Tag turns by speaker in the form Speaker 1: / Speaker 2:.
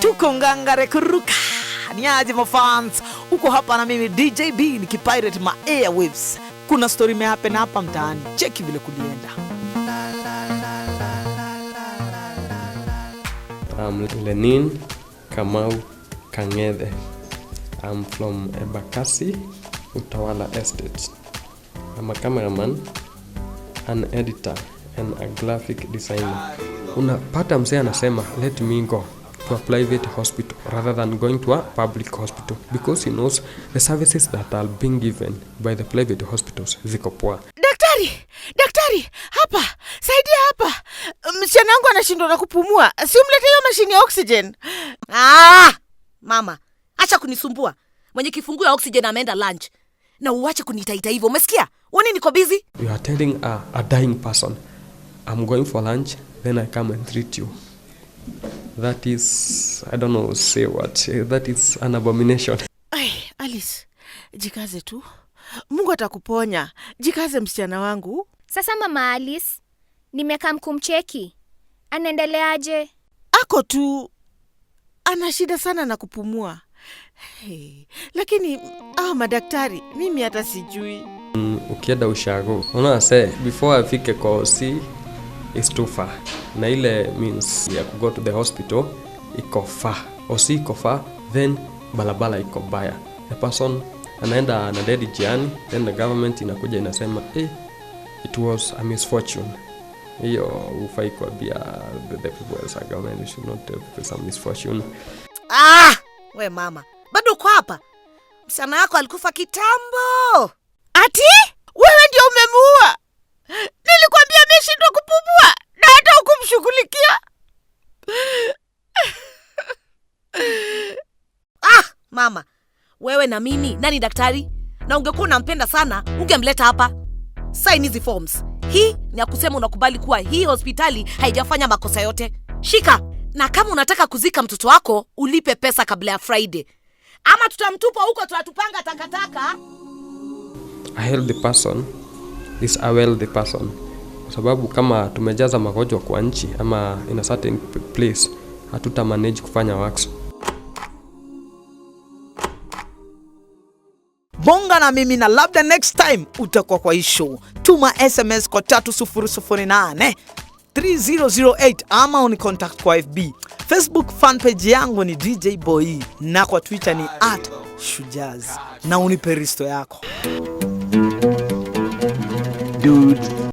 Speaker 1: tuko ngangare kuruka. Ni aje mafans, uko hapa na mimi DJ B nikipirate ma airwaves. Kuna story imehappen hapa mtaani, cheki vile kulienda.
Speaker 2: I'm Lenin Kamau Kangede. I'm from Ebakasi, Utawala Estate. I'm a cameraman, an editor and a graphic designer. Unapata msee anasema let me go to a private hospital rather than going to a public hospital because he knows the services that are being given by the private hospitals ziko poa.
Speaker 3: Daktari, daktari, hapa saidia hapa, msichana wangu anashindwa na kupumua, si umlete hiyo mashini ya oxygen. Ah, mama acha kunisumbua, mwenye kifungu ya oxygen ameenda lunch na uache kunitaita hivyo, umesikia? Wani niko busy.
Speaker 2: You are telling a, a dying person I'm going for lunch then I come and treat you That is, I don't know, say what. That is an abomination.
Speaker 4: Ay, Alice, jikaze tu. Mungu atakuponya. Jikaze msichana wangu.
Speaker 5: Sasa mama Alice, nimekaa kumcheki. Anaendeleaje?
Speaker 4: Ako tu. Ana shida sana na kupumua. Hey, lakini ah, madaktari mimi hata sijui.
Speaker 2: Mm, ukienda ushago. unaase before afike kwa osi is too far, na ile means ya kugo to the hospital iko far, or si iko far, then balabala iko baya, the person anaenda na dedi jiani, then the government inakuja inasema eh, it was a misfortune hiyo hufai kuambia the the people as a government, you should not have people some misfortune.
Speaker 3: Ah, we mama, bado uko hapa? Msichana yako alikufa kitambo. Ati? mama, wewe na mimi, nani daktari? Na ungekuwa unampenda sana ungemleta hapa. Sign hizi forms. Hii ni ya kusema unakubali kuwa hii hospitali haijafanya makosa yote. Shika, na kama unataka kuzika mtoto wako ulipe pesa kabla ya Friday, ama tutamtupa huko, tunatupanga takataka.
Speaker 2: A healthy person is a wealthy person, kwa sababu kama tumejaza magonjwa kwa nchi ama in a certain place, hatuta manage kufanya works
Speaker 1: bonga na mimi na labda next time utakuwa kwa issue. Tuma SMS kwa 3008 3008 ama uni contact kwa FB, Facebook fanpage yangu ni DJ Boy na kwa Twitter ni at Shujaz, na unipe risto yako Dude.